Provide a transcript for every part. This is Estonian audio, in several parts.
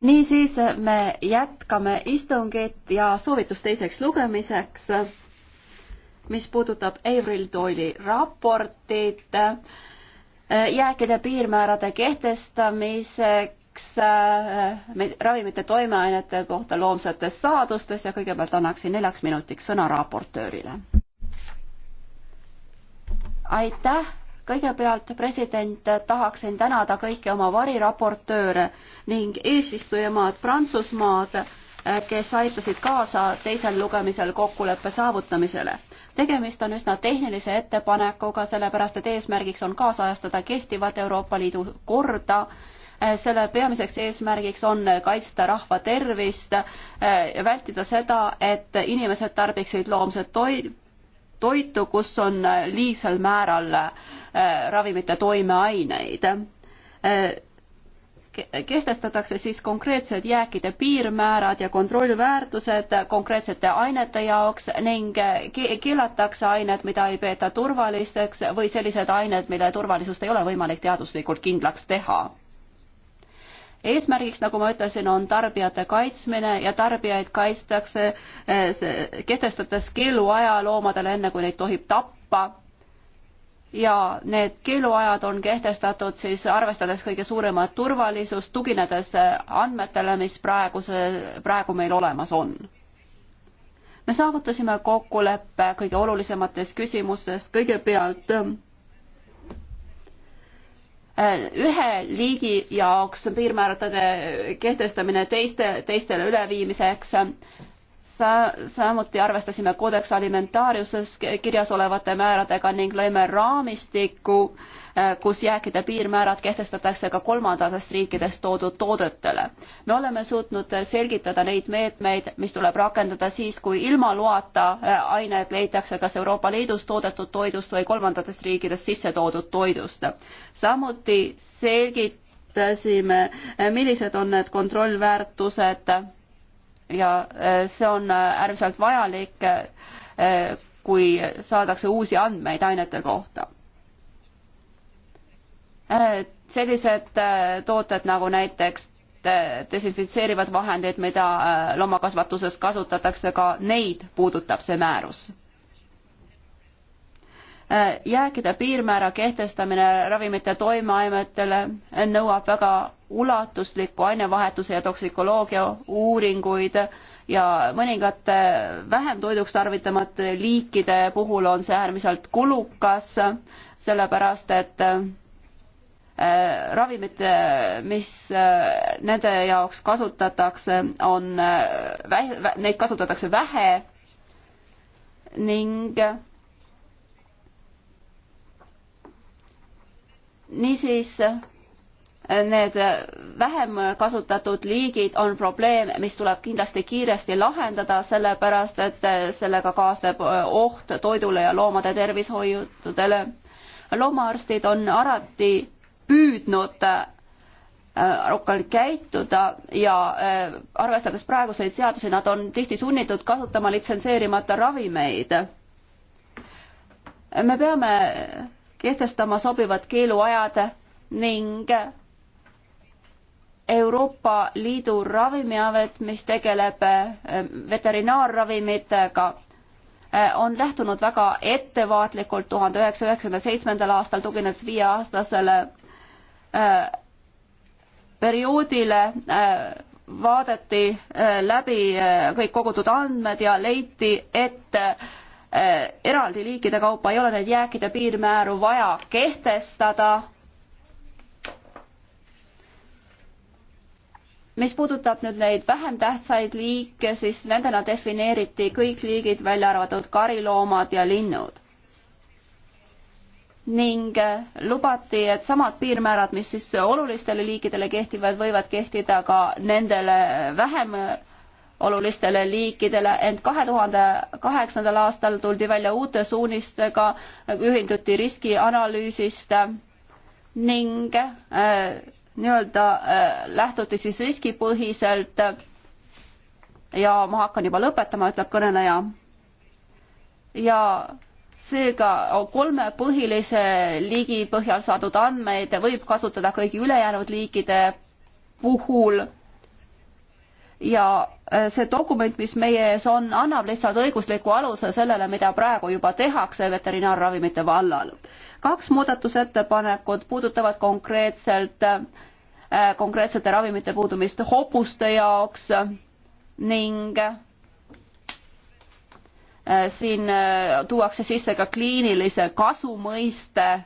niisiis, me jätkame istungit ja soovitus teiseks lugemiseks, mis puudutab Avril Doyle'i raportit eh, jääkide piirmäärade kehtestamiseks eh, ravimite toimeainete kohta loomsetes saadustes ja kõigepealt annaksin neljaks minutiks sõna raportöörile. aitäh kõigepealt, president, tahaksin tänada kõiki oma variraportööre ning eesistujamaad Prantsusmaad, kes aitasid kaasa teisel lugemisel kokkuleppe saavutamisele. tegemist on üsna tehnilise ettepanekuga, sellepärast et eesmärgiks on kaasajastada kehtivat Euroopa Liidu korda selle peamiseks eesmärgiks on kaitsta rahva tervist, vältida seda, et inimesed tarbiksid loomset toitu, toitu, kus on liigsel määral äh, ravimite toimeaineid. Äh, kestestatakse siis konkreetsed jääkide piirmäärad ja kontrollväärtused konkreetsete ainete jaoks ning äh, keelatakse ained, mida ei peeta turvalisteks või sellised ained, mille turvalisust ei ole võimalik teaduslikult kindlaks teha eesmärgiks, nagu ma ütlesin, on tarbijate kaitsmine ja tarbijaid kaitstakse eh, kehtestades keeluaja loomadele, enne kui neid tohib tappa. ja need keeluajad on kehtestatud siis arvestades kõige suuremat turvalisust, tuginedes andmetele, mis praeguse, praegu meil olemas on me saavutasime kokkuleppe kõige olulisemates küsimustes, kõigepealt ühe liigi jaoks piirmäärade kehtestamine teiste, teistele üleviimiseks sa-, samuti arvestasime Codex Alimentariuses kirjas olevate määradega ning lõime raamistiku, äh, kus jääkide piirmäärad kehtestatakse ka kolmandatest riikidest toodud toodetele. me oleme suutnud selgitada neid meetmeid, mis tuleb rakendada siis, kui ilma loata äh, ained leitakse kas Euroopa Liidus toodetud toidust või kolmandatest riikidest sisse toodud toidust. samuti selgitasime, äh, millised on need kontrollväärtused ja äh, see on äh, äärmiselt vajalik, äh, kui saadakse uusi andmeid ainete kohta. sellised tooted nagu näiteks desinfitseerivad vahendid, mida loomakasvatuses kasutatakse, ka neid puudutab see määrus Äh, jääkide piirmäära kehtestamine ravimite toimeainetele nõuab väga ulatuslikku ainevahetuse ja toksikoloogia uuringuid ja mõningate vähem toiduks tarvitamata liikide puhul on see äärmiselt kulukas, sellepärast et äh, ravimid, mis äh, nende jaoks kasutatakse, on, neid kasutatakse vähe ning niisiis need vähem kasutatud liigid on probleem, mis tuleb kindlasti kiiresti lahendada, sellepärast et sellega kaasneb oht toidule ja loomade tervishoiudele. loomaarstid on alati püüdnud äh, rohkem käituda ja äh, arvestades praeguseid seadusi, nad on tihti sunnitud kasutama litsenseerimata ravimeid. me peame kehtestama sobivad keeluajad ning Euroopa Liidu Ravimiamet, mis tegeleb eh, veterinaarravimitega, eh, on lähtunud väga ettevaatlikult tuhande üheksasaja üheksakümne seitsmendal aastal tuginedes viieaastasele eh, perioodile vaadati läbi kõik kogutud andmed ja leiti, et Äh, eraldi liikide kaupa, ei ole neid jääkide piirmääru vaja kehtestada. mis puudutab nüüd neid vähem tähtsaid liike, siis nendena defineeriti kõik liigid, välja arvatud kariloomad ja linnud. ning äh, lubati, et samad piirmäärad, mis siis olulistele liikidele kehtivad, võivad kehtida ka nendele vähem äh, olulistele liikidele, ent kahe tuhande kaheksandal aastal tuldi välja uute suunistega, ühinduti riskianalüüsist ning äh, nii-öelda äh, lähtuti siis riskipõhiselt ja ma hakkan juba lõpetama, ütleb kõneleja. ja seega kolme põhilise liigi põhjal saadud andmeid võib kasutada kõigi ülejäänud liikide puhul ja äh, see dokument, mis meie ees on, annab lihtsalt õigusliku aluse sellele, mida praegu juba tehakse veterinaarravimite vallal. kaks muudatusettepanekut puudutavad konkreetselt, äh, konkreetsete ravimite puudumist hobuste jaoks ning äh, siin tuuakse sisse ka kliinilise kasu mõiste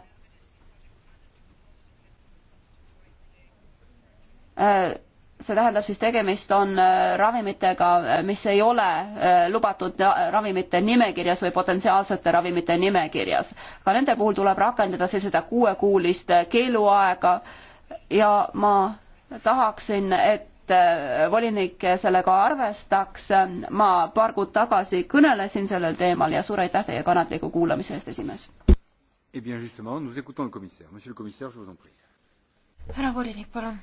see tähendab siis tegemist on äh, ravimitega, äh, mis ei ole äh, lubatud ravimite nimekirjas või potentsiaalsete ravimite nimekirjas. ka nende puhul tuleb rakendada siis seda kuuekuulist keeluaega ja ma tahaksin, et volinik sellega arvestaks. ma paar kuud tagasi kõnelesin sellel teemal ja suur aitäh teie kannatliku kuulamise eest, esimees. Eh härra volinik, palun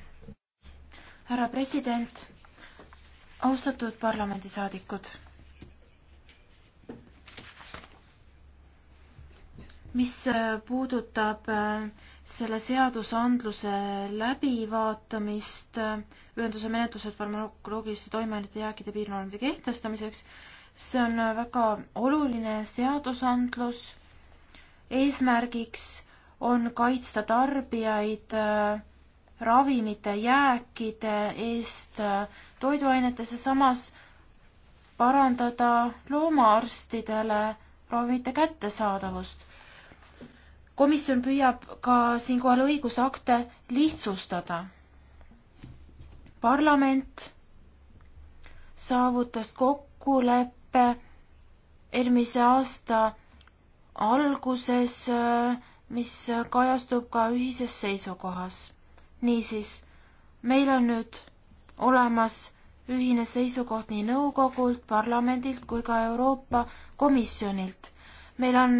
härra president, austatud parlamendisaadikud. mis äh, puudutab äh, selle seadusandluse läbivaatamist äh, ühenduse menetlused farmakoloogiliste toimeainete jääkide piirnormide kehtestamiseks, see on väga oluline seadusandlus. eesmärgiks on kaitsta tarbijaid äh, ravimite jääkide eest toiduainetes ja samas parandada loomaarstidele ravimite kättesaadavust. komisjon püüab ka siinkohal õigusakte lihtsustada. parlament saavutas kokkuleppe eelmise aasta alguses, mis kajastub ka ühises seisukohas niisiis, meil on nüüd olemas ühine seisukoht nii nõukogult, parlamendilt kui ka Euroopa Komisjonilt. meil on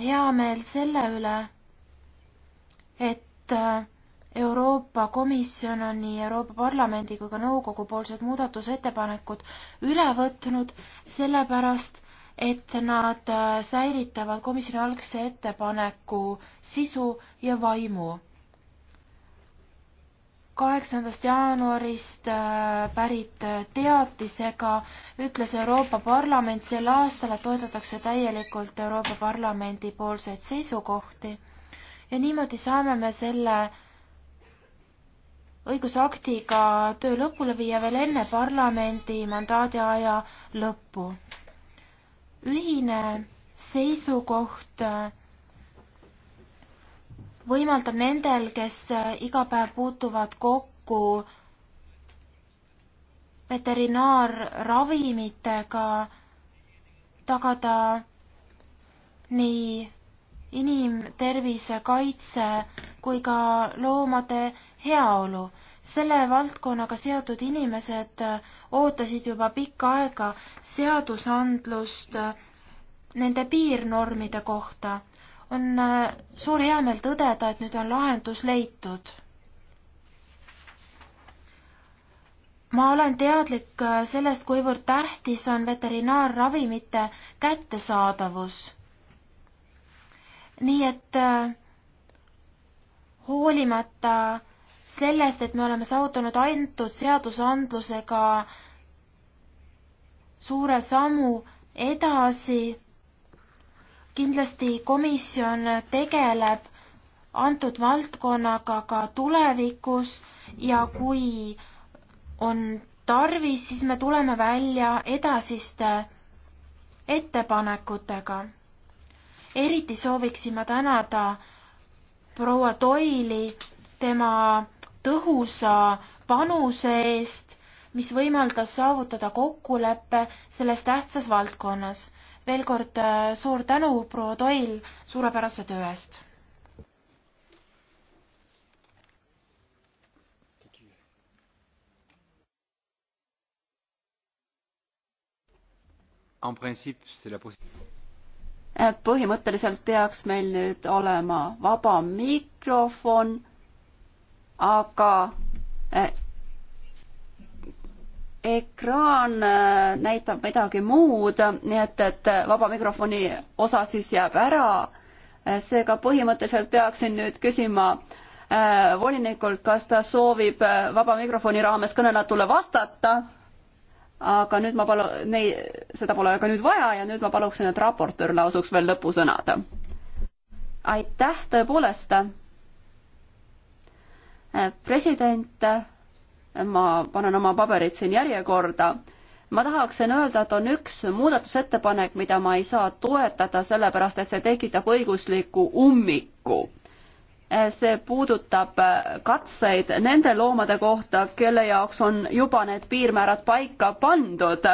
hea meel selle üle, et äh, Euroopa Komisjon on nii Euroopa Parlamendi kui ka nõukogu poolsed muudatusettepanekud üle võtnud, sellepärast et nad äh, säilitavad komisjoni algse ettepaneku sisu ja vaimu kaheksandast jaanuarist äh, pärit äh, teatisega ütles Euroopa Parlament sel aastal, et toetatakse täielikult Euroopa Parlamendi poolseid seisukohti ja niimoodi saame me selle õigusaktiga töö lõpule viia veel enne parlamendi mandaadi aja lõppu. ühine seisukoht äh, võimaldab nendel, kes äh, iga päev puutuvad kokku veterinaarravimitega, tagada nii inimtervise kaitse kui ka loomade heaolu. selle valdkonnaga seotud inimesed äh, ootasid juba pikka aega seadusandlust äh, nende piirnormide kohta on äh, suur heameel tõdeda, et nüüd on lahendus leitud. ma olen teadlik äh, sellest, kuivõrd tähtis on veterinaarravimite kättesaadavus. nii et äh, hoolimata sellest, et me oleme saavutanud antud seadusandlusega suure sammu edasi kindlasti komisjon tegeleb antud valdkonnaga ka tulevikus ja kui on tarvis, siis me tuleme välja edasiste ettepanekutega. eriti sooviksin ma tänada proua Toili tema tõhusa panuse eest, mis võimaldas saavutada kokkuleppe selles tähtsas valdkonnas veel kord äh, suur tänu, proua Toil, suurepärase töö eest! Äh, põhimõtteliselt peaks meil nüüd olema vaba mikrofon, aga ekraan äh, näitab midagi muud, nii et, et vaba mikrofoni osa siis jääb ära. Äh, seega põhimõtteliselt peaksin nüüd küsima äh, volinikult, kas ta soovib äh, vaba mikrofoni raames kõnenatule vastata. aga nüüd ma palun, nei, seda pole ka nüüd vaja ja nüüd ma paluksin, et raportöör lausuks veel lõpusõnad. aitäh tõepoolest. president ma panen oma paberid siin järjekorda. ma tahaksin öelda, et on üks muudatusettepanek, mida ma ei saa toetada, sellepärast et see tekitab õigusliku ummiku. see puudutab äh, katseid nende loomade kohta, kelle jaoks on juba need piirmäärad paika pandud.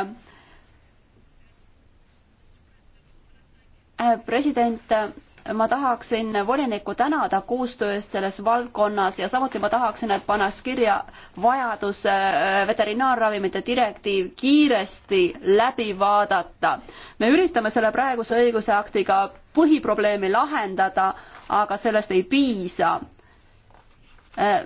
Äh, president äh, ma tahaksin volinikku tänada koostöö eest selles valdkonnas ja samuti ma tahaksin, et pannakse kirja vajadus äh, veterinaarravimite direktiiv kiiresti läbi vaadata. me üritame selle praeguse õiguseaktiga põhiprobleemi lahendada, aga sellest ei piisa äh,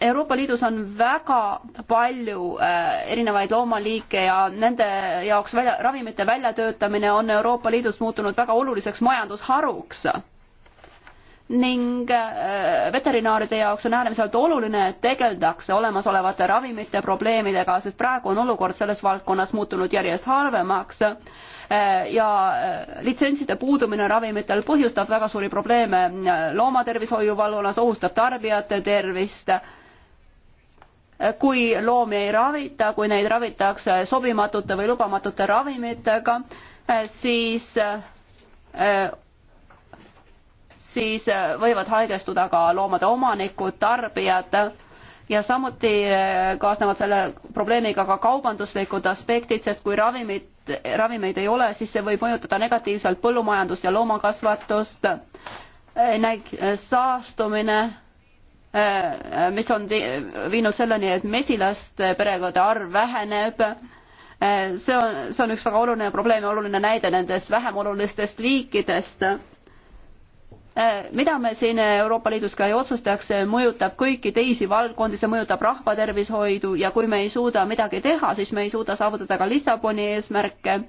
Euroopa Liidus on väga palju äh, erinevaid loomaliike ja nende jaoks välja, ravimite väljatöötamine on Euroopa Liidus muutunud väga oluliseks majandusharuks ning äh, veterinaaride jaoks on äärmiselt oluline, et tegeldakse olemasolevate ravimite probleemidega, sest praegu on olukord selles valdkonnas muutunud järjest halvemaks äh, ja litsentside puudumine ravimitel põhjustab väga suuri probleeme loomatervishoiu vallas, ohustab tarbijate tervist kui loomi ei ravita, kui neid ravitakse sobimatute või lubamatute ravimitega, siis, siis võivad haigestuda ka loomade omanikud, tarbijad ja samuti kaasnevad selle probleemiga ka kaubanduslikud aspektid, sest kui ravimid, ravimeid ei ole, siis see võib mõjutada negatiivselt põllumajandust ja loomakasvatust, näiteks saastumine Äh, mis on viinud selleni, et mesilaste perekondade arv väheneb. Äh, see on, see on üks väga oluline probleem ja oluline näide nendest vähem olulistest liikidest äh, mida me siin Euroopa Liidus ka ei otsustaks, mõjutab kõiki teisi valdkondi, see mõjutab rahvatervishoidu ja kui me ei suuda midagi teha, siis me ei suuda saavutada ka Lissaboni eesmärke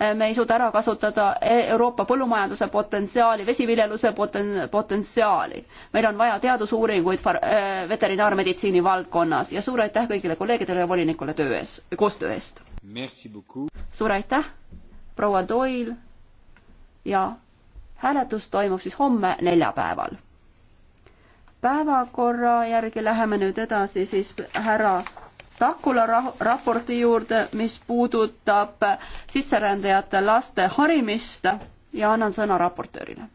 Eh, me ei suuda ära kasutada e- Euroopa põllumajanduse potentsiaali, vesiviljeluse poten-, potentsiaali. meil on vaja teadusuuringuid far-, eh, veterinaarmeditsiini valdkonnas ja suur aitäh kõigile kolleegidele ja volinikule töö ees, koostöö eest! suur aitäh, proua Doyle ja hääletus toimub siis homme neljapäeval. päevakorra järgi läheme nüüd edasi siis härra Takula raporti juurde, mis puudutab sisserändajate laste harimist ja annan sõna raportöörile